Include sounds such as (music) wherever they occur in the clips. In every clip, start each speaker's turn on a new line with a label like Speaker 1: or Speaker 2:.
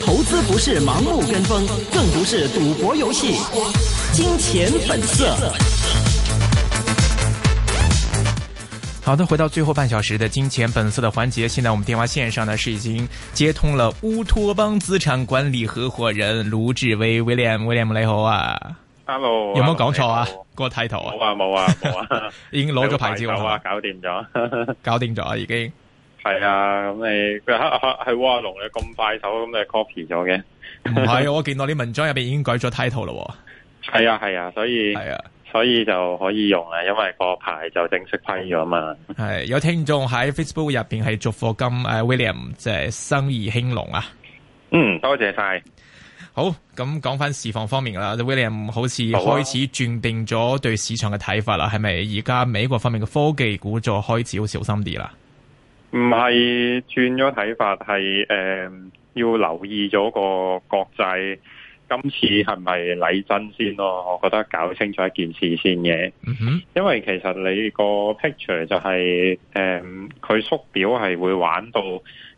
Speaker 1: 投資不是盲目跟風，更不是賭博遊戲。金錢本色。 (music) 好的，回到最後半小時的金錢本色的環節。現在我們電話線上呢是已經接通了烏托邦資產管理合夥人盧志威 （William），William 雷猴啊，Hello，有冇搞錯啊？我抬頭啊，冇啊冇啊冇啊，已經攞咗牌子，搞啊搞掂咗，搞掂咗已經。
Speaker 2: 係啊，咁你佢喺喺喺臥龍你咁快手咁，你 copy 咗嘅？
Speaker 1: 唔係是， (laughs) 我見到啲文章入邊已經改咗 title 咯。
Speaker 2: 係啊，係啊，所以係啊所以，所以就可以用啊，因為個牌就正式批咗嘛。
Speaker 1: 係有聽眾喺 Facebook 入邊係祝賀金誒、uh, William 即係生意興隆啊！嗯，多謝晒。好，咁講翻市況方面啦，William 好似開始轉變咗對市場嘅睇法啦，係咪、啊？而家美國方面嘅科技股就開始要小心啲啦。
Speaker 2: 唔係轉咗睇法，係誒、呃、要留意咗個國際今次係咪嚟真先咯？我覺得搞清楚一件事先嘅，因為其實你個 picture 就係誒，佢縮表係會玩到。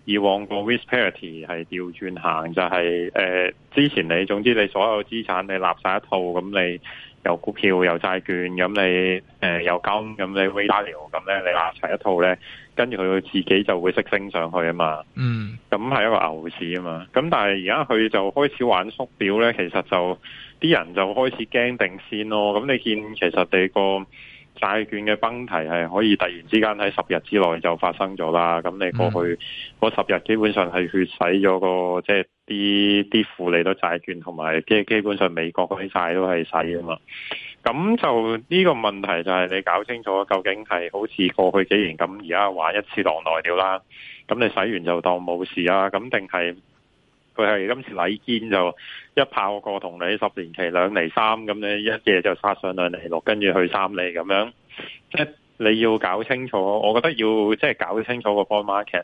Speaker 2: 以往個 risk parity 係調轉行就係誒之前你總之你所有資產你立晒一套，咁你有股票有債券，咁你誒有、呃、金，咁你 value 咁咧你立齊一套咧，跟住佢自己就會識升上去啊嘛。嗯，咁係一個牛市啊嘛。咁但係而家佢就開始玩縮表咧，其實就啲人就開始驚定先咯。咁你見其實地個。債券嘅崩堤係可以突然之間喺十日之內就發生咗啦，咁你過去嗰十日基本上係血洗咗個即係啲啲負利都債券，同埋基基本上美國嗰啲債都係洗啊嘛，咁就呢個問題就係你搞清楚究竟係好似過去幾年咁，而家玩一次浪來了啦，咁你洗完就當冇事啊，咁定係？佢係今次禮堅就一炮過同你十年期兩厘三咁咧，你一夜就殺上兩厘六，跟住去三厘咁樣。即係你要搞清楚，我覺得要即係搞清楚個 bond market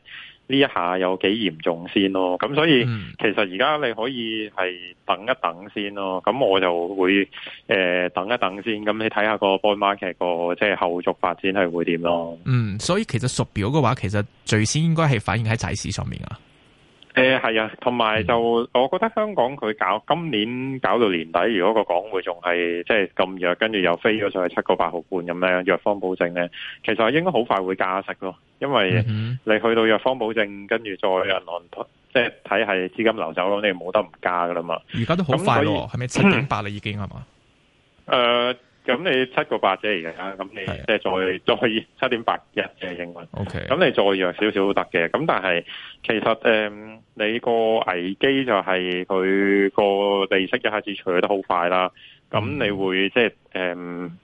Speaker 2: 呢一下有幾嚴重先咯。咁所以、嗯、其實而家你可以係等一等先咯。咁我就會誒、呃、等一等先。咁你睇下個 bond market 個即係後續發展係會點咯。嗯，
Speaker 1: 所以其實熟表嘅話，其實最先應該係反映喺債市上面啊。
Speaker 2: 誒，係、呃、啊，同埋就，我覺得香港佢搞今年搞到年底，如果個港匯仲係即係咁弱，跟住又飛咗上去七個八毫半咁樣，弱方保證咧，其實應該好快會加息咯，因為你去到弱方保證，跟住再一輪即係睇係資金流走，咁你冇得唔加噶啦嘛。而家都好快咯，
Speaker 1: 係咪七點八啦？是是已經係嘛？
Speaker 2: 誒。咁你七個八啫，而家咁你即係再的再，再七點八日嘅應運，咁 Okay. 你再弱少少都得嘅。咁但係其實誒、嗯，你個危機就係佢個利息一下子除得好快啦。咁你會、嗯、即係誒、嗯，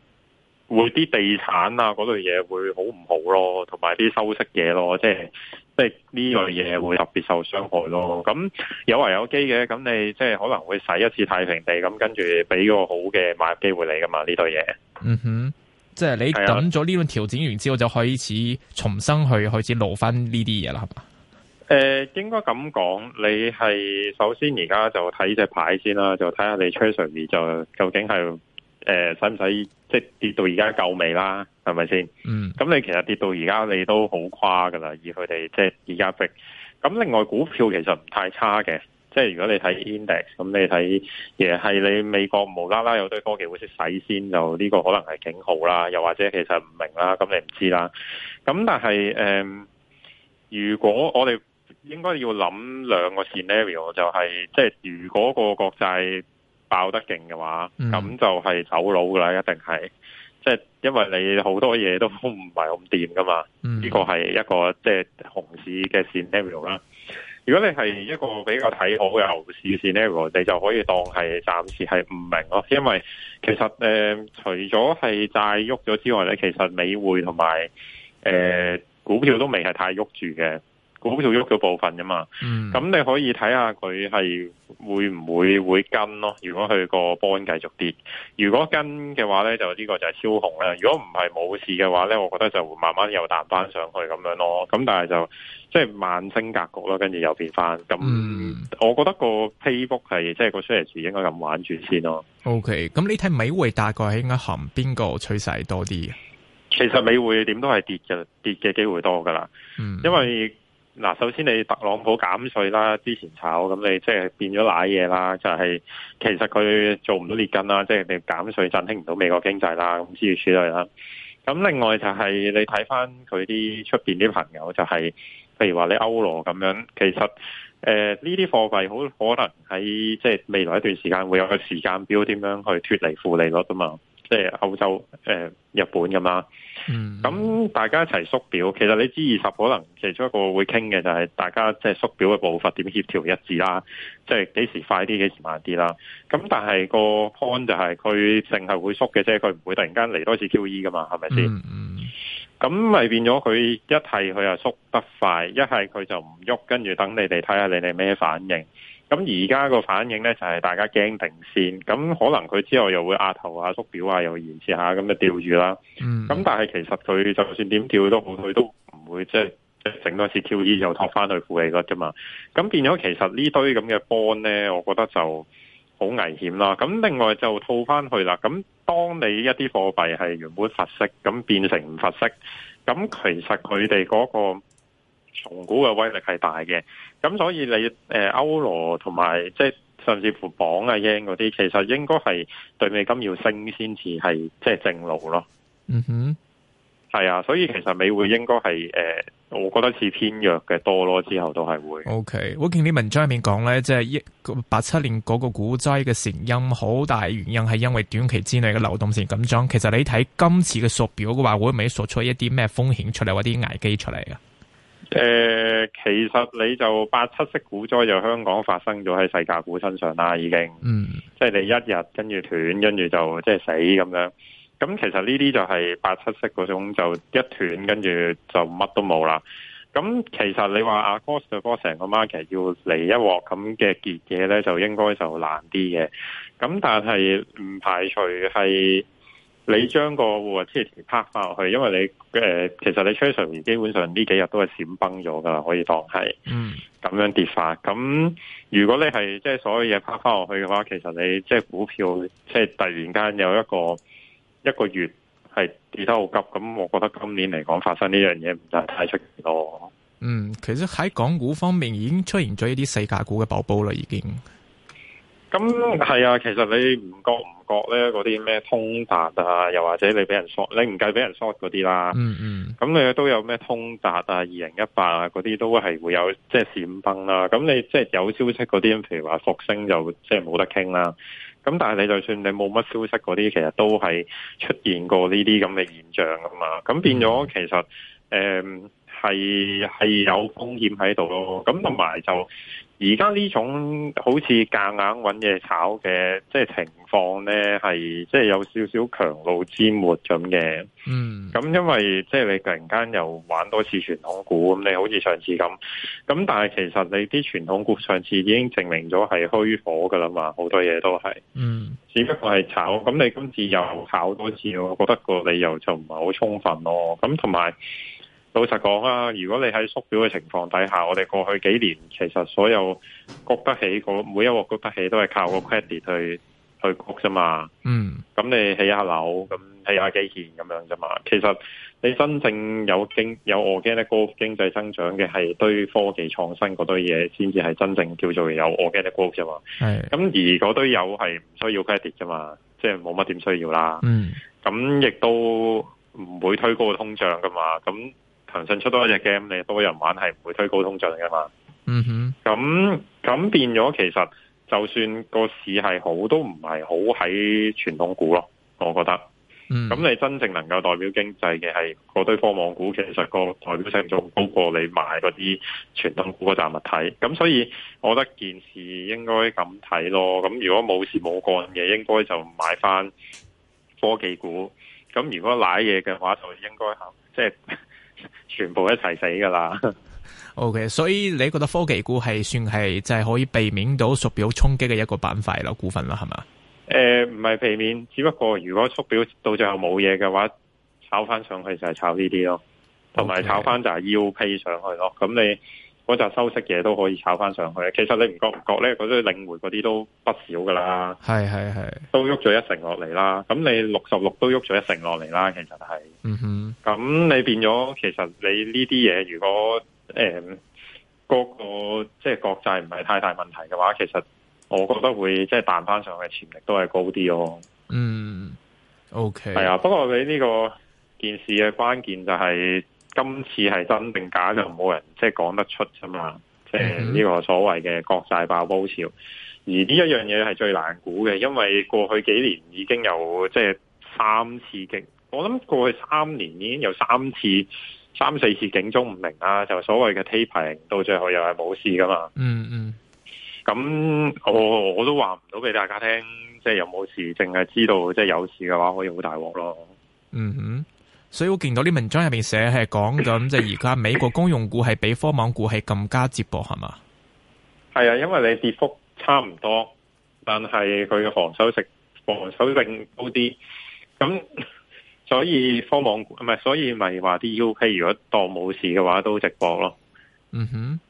Speaker 2: 會啲地產啊嗰類嘢會好唔好咯，同埋啲收息嘢咯，即係。即係呢樣嘢會特別受傷害咯，咁有危有機嘅，咁你即係可能會洗一次太平地，咁跟住俾個好嘅買入機會你噶嘛呢對嘢。嗯
Speaker 3: 哼，
Speaker 1: 即係你等咗呢輪調整完之後就開始重新去開始撈翻呢啲嘢啦係嘛？
Speaker 2: 誒，應該咁講，你係首先而家就睇隻牌先啦，就睇下你趨勢面就究竟係。誒，使唔使即係跌到而家夠未啦？係咪先？ (noise) 嗯，咁你其實跌到而家你都好誇噶啦，以佢哋即係而家逼。咁另外股票其實唔太差嘅，即係如果你睇 index，咁你睇嘢係你美國無啦啦有堆科技公司使先，就呢個可能係警號啦。又或者其實唔明啦，咁你唔知啦。咁但係誒，如果我哋應該要諗兩個 scenario，就係即係如果個國債。爆得勁嘅話，咁就係走佬噶啦，一定係。即係因為你好多嘢都唔係咁掂噶嘛，呢個係一個即係熊市嘅線 level 啦。如果你係一個比較睇好嘅牛市線 level，你就可以當係暫時係唔明咯。因為其實誒、呃，除咗係債喐咗之外咧，其實美匯同埋誒股票都未係太喐住嘅。好少喐嘅部分啫嘛，咁你可以睇下佢係會唔會會跟咯。如果佢個波紋繼續跌，如果跟嘅話咧，就呢個就係超紅啦。如果唔係冇事嘅話咧，我覺得就會慢慢又彈翻上去咁樣咯。咁但係就即係慢升格局啦，跟住又變翻。咁我覺得個 Facebook 係即係個 share 市應該咁玩住先咯。
Speaker 1: O K，咁你睇美匯大概應該含邊個趨勢多啲？ (music) 嗯、
Speaker 2: 其實美匯點都係跌嘅，跌嘅機會多噶啦。因為嗱，首先你特朗普減稅啦，之前炒咁你即係變咗瀨嘢啦，就係、是、其實佢做唔到列根啦，即係你減稅振興唔到美國經濟啦，咁諸如此類啦。咁另外就係你睇翻佢啲出邊啲朋友，就係、是、譬如話你歐羅咁樣，其實誒呢啲貨幣好可能喺即係未來一段時間會有個時間表點樣去脫離負利率啊嘛。即係歐洲、誒、呃、日本咁啦，咁、mm hmm. 大家一齊縮表，其實你知二十可能其中一個會傾嘅就係大家即係縮表嘅步伐點協調一致啦，即係幾時快啲、幾時慢啲啦。咁但係個 point 就係佢淨係會縮嘅啫，佢唔會突然間嚟多次 QE 噶嘛，係咪先？咁咪、mm hmm. 變咗佢一係佢又縮得快，一係佢就唔喐，跟住等你哋睇下你哋咩反應。咁而家個反應咧就係、是、大家驚停線，咁可能佢之後又會壓頭啊、縮表啊，又會延遲下，咁就釣魚啦。咁但係其實佢就算點釣都好，佢都唔會即係整多次 QE 又託翻去負利率啫嘛。咁變咗其實這這呢堆咁嘅 bond 咧，我覺得就好危險啦。咁另外就套翻去啦。咁當你一啲貨幣係原本發息，咁變成唔發息，咁其實佢哋嗰個重估嘅威力係大嘅，咁所以你誒歐羅同埋即係甚至乎鎊啊、英嗰啲，其實應該係對美金要升先至係即係正路咯。
Speaker 3: 嗯
Speaker 2: 哼，係啊，所以其實美匯應該係誒，我覺得似偏弱嘅多咯。之後都係會
Speaker 1: O K。Okay, 我見啲文章入面講咧，即係一九八七年嗰個股災嘅成因，好大原因係因為短期之內嘅流動性緊張。其實你睇今次嘅縮表嘅話，會唔會索出一啲咩風險出嚟，或者啲危機出嚟啊？
Speaker 2: 誒、呃，其實你就八七式股災就香港發生咗喺世界股身上啦，已經，嗯、即係你一日跟住斷，跟住就即係死咁樣。咁、嗯、其實呢啲就係八七式嗰種，就一斷跟住就乜都冇啦。咁、嗯、其實你話阿 Costa 成個 market 要嚟一鑊咁嘅結嘢咧，就應該就難啲嘅。咁、嗯、但係唔排除係。你將個護資拍翻落去，因為你誒、呃、其實你吹 r a 基本上呢幾日都係閃崩咗噶啦，可以當係咁樣跌法。咁如果你係即係所有嘢拍翻落去嘅話，其實你即係股票即係突然間有一個一個月係跌得好急，咁我覺得今年嚟講發生呢樣嘢唔得太出奇咯。嗯，
Speaker 3: 其
Speaker 1: 實喺港股方面已經出現咗一啲細價股嘅爆煲啦，已經。
Speaker 2: 咁係啊，其實你唔覺唔覺咧，嗰啲咩通達啊，又或者你俾人 short，你唔計俾人 short 嗰啲啦。嗯
Speaker 3: 嗯、
Speaker 2: mm。咁、hmm. 你都有咩通達啊？二零一八啊，嗰啲都係會有即係、就是、閃崩啦。咁你即係、就是、有消息嗰啲，譬如話復星就即係冇得傾啦。咁但係你就算你冇乜消息嗰啲，其實都係出現過呢啲咁嘅現象㗎嘛。咁變咗其實誒。Mm hmm. 呃係係有風險喺度咯，咁同埋就而家呢種好似夾硬揾嘢炒嘅，即係情況呢，係即係有少少強弩之末咁嘅。嗯，咁因為即係你突然間又玩多次傳統股，咁你好似上次咁，咁但係其實你啲傳統股上次已經證明咗係虛火㗎喇嘛，好多嘢都係。嗯，只不過係炒，咁你今次又炒多次，我覺得個理由就唔係好充分咯。咁同埋。老實講啊，如果你喺縮表嘅情況底下，我哋過去幾年其實所有谷得起，每一鑊谷得起都係靠個 credit 去去谷啫嘛。嗯。咁你起下樓，咁起下基建咁樣啫嘛。其實你真正有經有 organic growth 經濟增長嘅係堆科技創新嗰堆嘢，先至係真正叫做有 organic growth 啫嘛。係是。咁而嗰堆有係唔需要 credit 啫嘛，即係冇乜點需要啦。嗯。咁亦都唔會推高個通脹噶嘛。咁騰訊出多一隻 game，你多人玩係唔會推高通脹噶嘛？嗯哼、mm，咁、hmm. 咁變咗，其實就算個市係好，都唔係好喺傳統股咯。我覺得，咁、mm hmm. 你真正能夠代表經濟嘅係嗰堆科網股，其實個代表性仲高過你買嗰啲傳統股嗰紮物體。咁所以我覺得件事應該咁睇咯。咁如果冇事冇干嘅，應該就買翻科技股。咁如果瀨嘢嘅話，就應該行。即係。全部一齊死噶啦。
Speaker 3: OK，
Speaker 1: 所以你覺得科技股係算係就係可以避免到縮表衝擊嘅一個板塊咯，股份啦係嘛？
Speaker 2: 誒，唔係、呃、避免，只不過如果縮表到最後冇嘢嘅話，炒翻上去就係炒呢啲咯，同埋炒翻就係 UP 上去咯。咁 Okay. 你。嗰紮收息嘢都可以炒翻上去，其實你唔覺唔覺咧，嗰啲領匯嗰啲都不少噶啦，
Speaker 3: 係係係，
Speaker 2: 都喐咗一成落嚟啦。咁你六十六都喐咗一成落嚟啦，其實係，嗯哼。咁你變咗，其實你呢啲嘢，如果誒，嗯、個即係、就是、國債唔係太大問題嘅話，其實我覺得會即係彈翻上去潛力都係高啲咯、哦。嗯
Speaker 3: ，OK。係啊，不
Speaker 2: 過你呢個件事嘅關鍵就係、是。今次係真定假就冇人即係講得出啫嘛，即係呢個所謂嘅國債爆煲潮，而呢一樣嘢係最難估嘅，因為過去幾年已經有即係三次警，我諗過去三年已經有三次三四次警鐘唔明啦，就所謂嘅 tapering 到最後又係冇事噶嘛。嗯嗯，咁我、哦、我都話唔到俾大家聽，即係有冇事，淨係知道即係有事嘅話，可以好大鑊咯。嗯哼、嗯。
Speaker 1: 所以我見到啲文章入邊寫係講緊，即係而家美國公用股係比科網股係更加值博，係嘛？
Speaker 2: 係啊，因為你跌幅差唔多，但係佢嘅防守性、防守性高啲，咁所以科網股唔係，所以咪話啲 U K 如果當冇事嘅話都值博咯。嗯哼。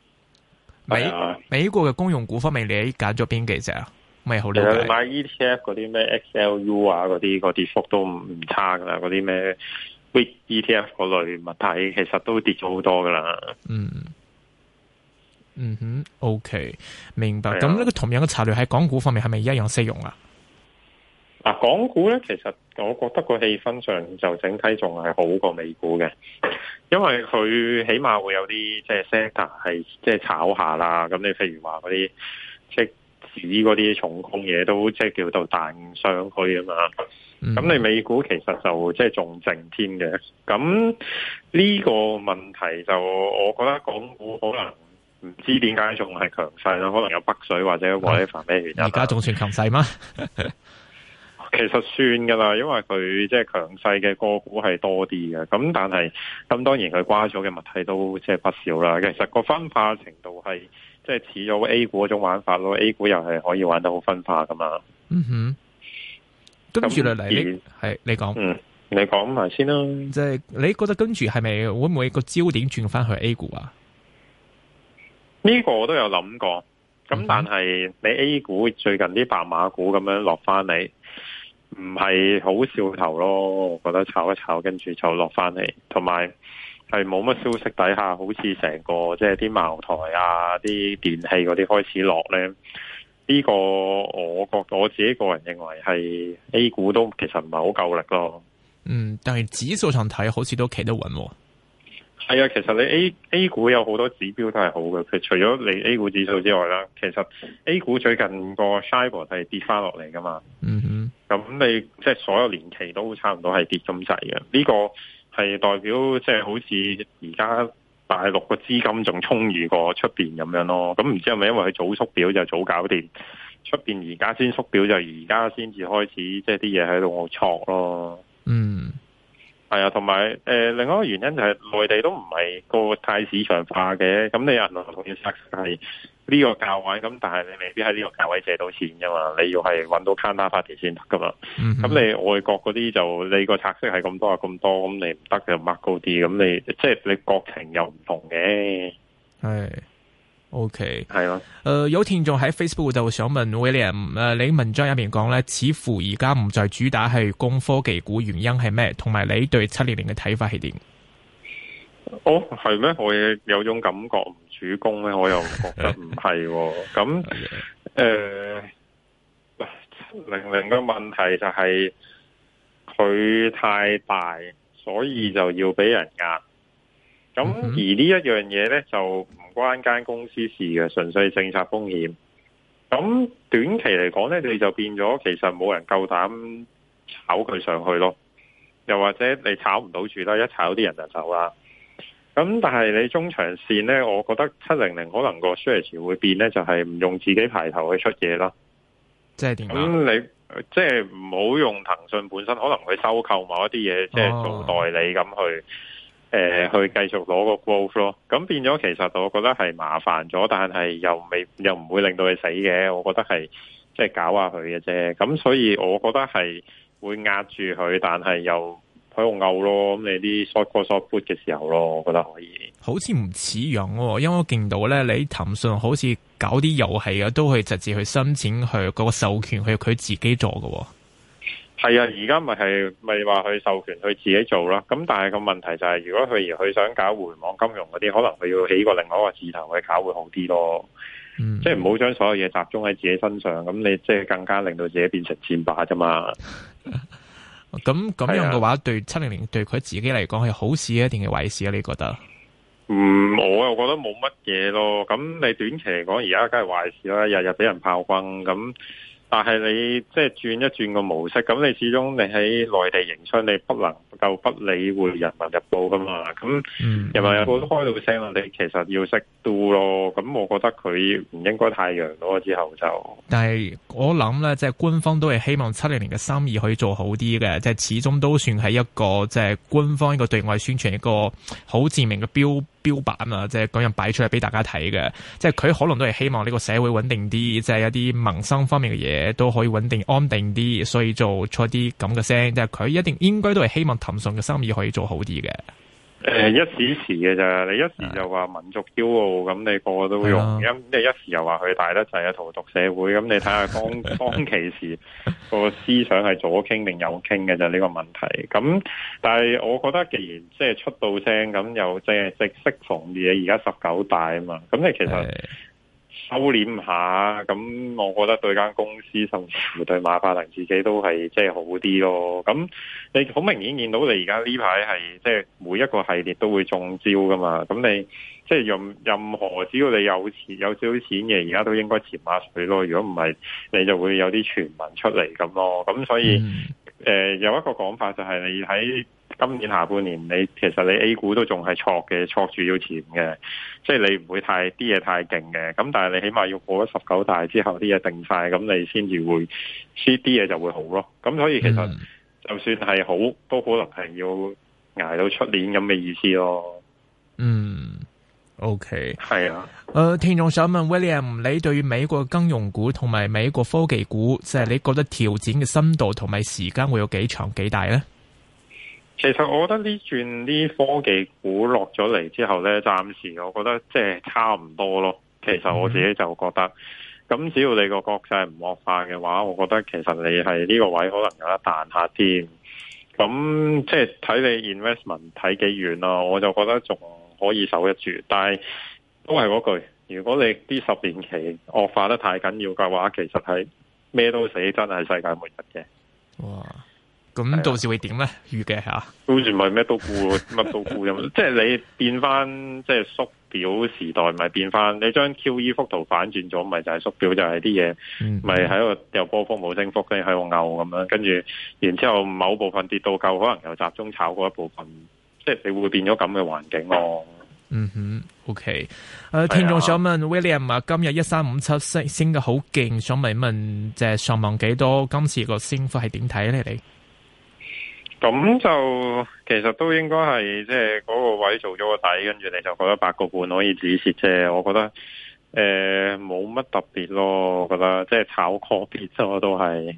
Speaker 1: 美的美國嘅公用股方面，你揀咗邊幾隻啊？咪好了解。呃、
Speaker 2: 買 E T F 嗰啲咩 X L U 啊，嗰啲個跌幅都唔差噶啦，嗰啲咩？喂，ETF 嗰類物體其實都跌咗好多噶啦。嗯，嗯
Speaker 1: 哼，OK，明白。咁呢個同樣嘅策略喺港股方面係咪一樣適用啊？
Speaker 2: 嗱，港股咧，其實我覺得個氣氛上就整體仲係好過美股嘅，因為佢起碼會有啲即係 set 係即係炒下啦。咁你譬如話嗰啲即。指嗰啲重控嘢，都即係叫做彈上去啊嘛，咁你美股其實就即係仲靜添嘅。咁呢個問題就我覺得港股可能唔知點解仲係強勢咯，可能有北水或者或者反咩原因，而家
Speaker 1: 仲算強勢嗎？
Speaker 2: 其實算噶啦，因為佢即係強勢嘅個股係多啲嘅，咁但係咁當然佢瓜咗嘅物體都即係不少啦。其實個分化程度係。即係似咗 A 股嗰種玩法咯，A 股又係可以玩得好分化噶嘛。
Speaker 1: 嗯哼，跟住嚟，係而你講，嗯，你講埋先啦。即係你覺得跟住係咪會唔會個焦點轉翻去 A 股啊？
Speaker 2: 呢個我都有諗過，咁但係你 A 股最近啲白馬股咁樣落翻嚟，唔係好兆頭咯。我覺得炒一炒跟，跟住就落翻嚟，同埋。係冇乜消息底下，好似成個即係啲茅台啊、啲電器嗰啲開始落咧。呢、這個我覺得我自己個人認為係 A 股都其實唔係好夠力咯。嗯，
Speaker 1: 但係指數上睇好似都企得穩。
Speaker 2: 係啊，其實你 A A 股有好多指標都係好嘅，佢除咗你 A 股指數之外啦，其實 A 股最近個 Shibor 係跌翻落嚟噶嘛。嗯嗯，哼，咁你即係所有年期都差唔多係跌咁滯嘅呢個係代表即係好似而家大陸個資金仲充裕過出邊咁樣咯，咁唔知係咪因為佢早縮表就早搞掂，出邊而家先縮表就而家先至開始即係啲嘢喺度我錯咯。嗯，係啊，同埋誒另外一個原因就係內地都唔係個太市場化嘅，咁你又難同要實係。呢個價位咁，但係你未必喺呢個價位借到錢噶嘛，你要係揾到攤單發條先得噶嘛。咁、嗯、哼你外國嗰啲就你個拆息係咁多啊，咁多，咁你唔得就擘高啲，咁你即係你國情又唔同嘅。
Speaker 1: 係，OK，係咯嗎。呃，有聽眾喺 Facebook 就想問 William，誒，你文章入面講咧，似乎而家唔再主打係攻科技股，原因係咩？同埋你對七二零嘅睇法係點？
Speaker 2: 哦，係咩？我有種感覺唔主攻咧，我又覺得唔係、哦。咁誒 (laughs) ，
Speaker 3: 零零嘅
Speaker 2: 問題就係佢太大，所以就要俾人壓。咁而呢一樣嘢咧，就唔關間公司的事嘅，純粹政策風險。咁短期嚟講咧，你就變咗其實冇人夠膽炒佢上去咯。又或者你炒唔到住啦，一炒啲人就走啦。咁但係你中長線呢，我覺得七零零可能個 strategy 會變咧，就係、是、唔用自己排頭去出嘢啦。
Speaker 3: 即係點？咁
Speaker 2: 你即係唔好用騰訊本身，可能佢收購某一啲嘢，即係做代理咁去，誒、哦呃，去繼續攞個 growth 咯。咁變咗，其實我覺得係麻煩咗，但係又未又唔會令到佢死嘅。我覺得係即係搞下佢嘅啫。咁所以我覺得係會壓住佢，但係又。睇我牛咯，咁你啲 short call short put 嘅時候咯，我覺得可以。
Speaker 1: 好似唔似樣，因為我見到咧，你騰訊好似搞啲遊戲嘅，都可以直接去申請去嗰個授權，去佢自己做嘅。
Speaker 2: 係啊，而家咪係咪話去授權去自己做啦？咁但係個問題就係、是，如果佢而佢想搞互聯網金融嗰啲，可能佢要起個另外一個字頭去搞，會好啲咯。嗯、即係唔好將所有嘢集中喺自己身上，咁你即係更加令到自己變成箭靶啫嘛。 (laughs)
Speaker 1: 咁咁樣嘅話，的對七零零對佢自己嚟講係好事啊，定係壞事啊？你覺得？
Speaker 2: 嗯，我又覺得冇乜嘢咯。咁你短期嚟講，而家梗係壞事啦，日日俾人炮轟咁。但係你即係轉一轉個模式，咁你始終你喺內地營商，你不能夠不理會《人民日報》噶嘛？咁
Speaker 3: 《
Speaker 1: 人民日
Speaker 2: 報》都開到聲，你其實要識 do 咯。咁我覺得佢唔應該太弱咯。之後就
Speaker 1: 但係我諗咧，即係官方都係希望七零零嘅生意可以做好啲嘅。即係始終都算係一個即係官方一個對外宣傳一個好知名嘅標。標榜啊，即係咁樣擺出嚟俾大家睇嘅，即係佢可能都係希望呢個社會穩定啲，即係一啲民生方面嘅嘢都可以穩定安定啲，所以做出啲咁嘅聲，即係佢一定應該都係希望騰訊嘅生意可以做好啲嘅。
Speaker 2: 誒、嗯嗯，一時時嘅咋？你,嗯、你一時就話民族驕傲，咁你個個都用。咁你一時又話佢大得滯啊，荼毒社會。咁你睇下當當其時個思想係左傾定右傾嘅啫？呢、這個問題。咁但係我覺得，既然即係出到聲，咁又即係即係適逢嘅，而家十九大啊嘛。咁你其實。收斂下，咁我覺得對間公司，甚至乎對馬化騰自己都係即係好啲咯。咁你好明顯見到你而家呢排係即係每一個系列都會中招噶嘛。咁你即係任任何只要你有錢有少少錢嘅，而家都應該潛下水咯。如果唔係，你就會有啲傳聞出嚟咁咯。咁所以誒有一個講法就係你喺。今年下半年你其實你 A 股都仲係錯嘅，錯住要錢嘅，即係你唔會太啲嘢，太勁嘅。咁但係你起碼要過咗十九大之後啲嘢定晒，咁你先至會輸啲嘢就會好咯。咁所以其實就算係好，都可能係要挨到出年咁嘅意思咯。嗯，OK，係啊。
Speaker 1: 誒，uh, 聽眾想問 William，你對美國金融股同埋美國科技股，即係你覺得調整嘅深度同埋時間會有幾長幾大咧？
Speaker 2: 其實我覺得呢轉呢，科技股落咗嚟之後呢，暫時我覺得即係差唔多咯。其實我自己就覺得，咁只要你個國際唔惡化嘅話，我覺得其實你係呢個位可能有得彈下添。咁即係睇你 investment 睇幾遠咯。我就覺得仲可以守得住，但係都係嗰句，如果你啲十年期惡化得太緊要嘅話，其實係咩都死，真係世界末日嘅。
Speaker 1: 哇！咁到時會點咧？預計下。
Speaker 2: 好似唔係咩都估，乜都估咁。 (laughs) (music) 即係你變翻，即係縮表時代，咪變翻。你將 QE 幅圖反轉咗，咪就係縮表，就係啲嘢咪喺度又波幅冇升幅，跟住喺度拗咁樣。跟住然之後，後某部分跌到夠，可能又集中炒嗰一部分。即係你會變咗咁嘅環境咯、啊。嗯
Speaker 3: 哼，OK。誒， (music) (music) 聽眾
Speaker 1: 想問 (music) William 啊，今日一三五七升升得好勁，想問一問，即係上望幾多？今次個升幅係點睇咧？你？
Speaker 2: 咁就其實都應該係即係嗰個位做咗個底，跟住你就覺得八個半可以止蝕啫。我覺得誒冇乜特別咯，我覺得即係炒個別啫，我都係
Speaker 1: 誒、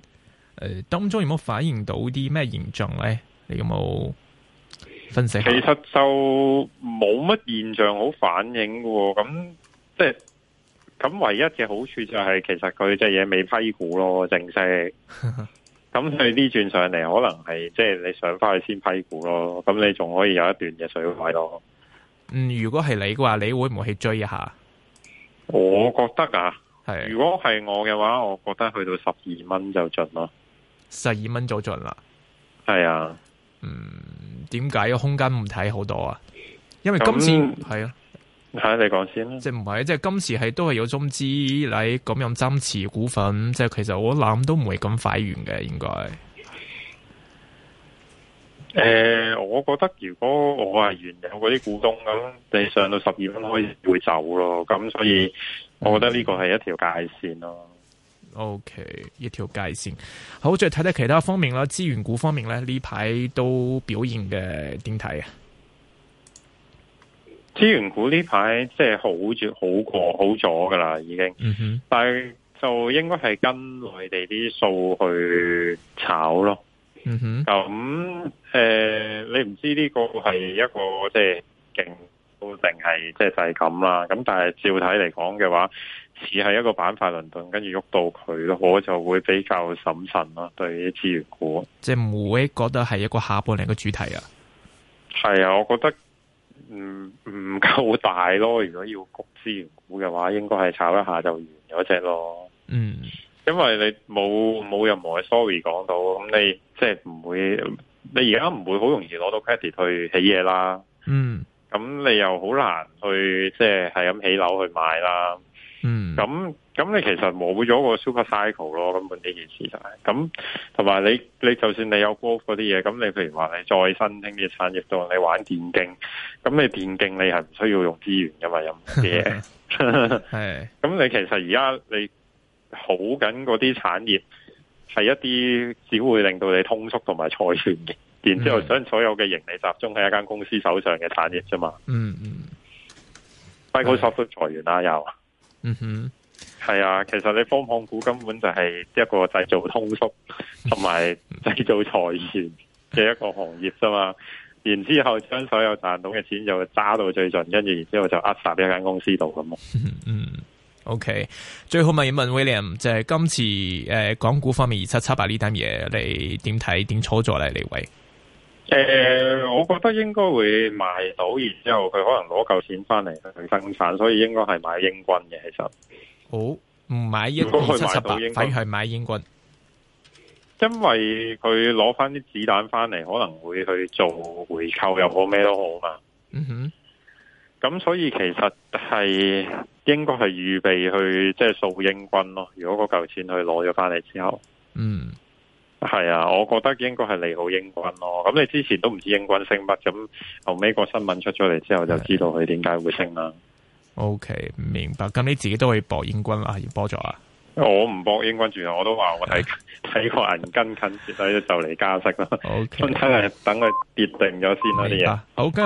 Speaker 1: 呃、當中有冇反映到啲咩現象咧？你有冇分析其、就
Speaker 2: 是？其實就冇乜現象好反映嘅，咁即係咁唯一嘅好處就係其實佢隻嘢未批股咯，正式。 (laughs) 咁佢呢轉上嚟，可能係即係你上翻去先批股咯。咁你仲可以有一段嘅水位咯。
Speaker 1: 嗯，如果係你嘅話，你會唔會去追一下？
Speaker 2: 我覺得啊，係的。如果係我嘅話，我覺得去到十二蚊
Speaker 1: 就盡咯。十二蚊就盡啦。係啊的。嗯，點解個空間唔睇好多啊？因為今次係啊。嗯睇你講先啦，即係唔係？即係今次係都係有中資你咁樣增持股份，即係其實我諗都唔會咁快完嘅，應該。
Speaker 2: 誒、呃，我覺
Speaker 1: 得如果我係原有嗰啲股東咁，你上到十二蚊開始會走咯，
Speaker 2: 咁所以我覺得呢個係一條界線咯。
Speaker 1: 嗯、o、okay, K，一條界線。好，再睇睇其他方面啦，資源股方面咧呢排都表現嘅點睇啊？
Speaker 2: 資源股呢排即係好似好過好咗噶啦，已經，嗯、哼但係就應該係跟內地啲數去炒咯。咁誒、嗯哼呃，你唔知呢個係一個即係勁股定係即係就係咁啦？咁但係照睇嚟講嘅話，似係一個板塊輪動，跟住喐到佢咯，我就會比較審慎咯。對於資源股，
Speaker 1: 即係唔會覺得係一個下半年嘅主題啊？係
Speaker 2: 啊，我覺得。唔唔夠大咯，如果要焗資源股嘅話，應該係炒一下就完咗隻咯。嗯，因為你冇冇任何嘅 sorry 講到，咁你即係唔會，你而家唔會好容易攞到 credit 去起嘢啦。嗯，咁你又好難去即係係咁起樓去買啦。嗯，咁。咁你其實冇咗個 super cycle 咯，根本呢件事就係咁，同埋你你就算你有過嗰啲嘢，咁你譬如話你再新興嘅產業度，你玩電競，咁你電競你係唔需要用資源噶嘛？有乜嘢？係咁你其實而家你好緊嗰啲產業係一啲只會令到你通縮同埋裁員嘅，然之後將所有嘅盈利集中喺一間公司手上嘅產業啫嘛。嗯嗯，Microsoft 裁員啦又，嗯哼。嗯嗯係啊，其實你科網股根本就係一個製造通縮同埋製造裁員嘅一個行業啫嘛。然之後將所有賺到嘅錢就揸到最盡，跟住然之後就扼殺呢一間公司度咁 (laughs) 嗯
Speaker 1: ，OK 最。最好問一問 William，就係今次誒、呃、港股方面二七七八呢單嘢，你點睇？點操作咧？呢位？
Speaker 2: 誒、呃，我覺得應該會賣到，然之後佢可能攞夠錢翻嚟去生產，所以應該係買英軍嘅。其實。
Speaker 1: 好唔、哦、買英國，反而係買英軍，
Speaker 2: 該因為佢攞翻啲子彈翻嚟，可能會去做回購又好咩都好嘛。嗯哼，咁所以其實係應該係預備去即係掃英軍咯。如果嗰嚿錢去攞咗翻嚟之後，嗯，係啊，我覺得應該係利好英軍咯。咁你之前都唔知英軍升乜，咁後尾個新聞出咗嚟之後，就知道佢點解會升啦。
Speaker 1: O、okay, K，明白。咁你自己都可以搏英軍啊，要波咗啊？
Speaker 2: 我唔搏英軍住啊，我都話我睇
Speaker 3: 睇個銀根近跌咧就嚟加息啦。O K，真係等佢跌定咗先啲嘢。好跟。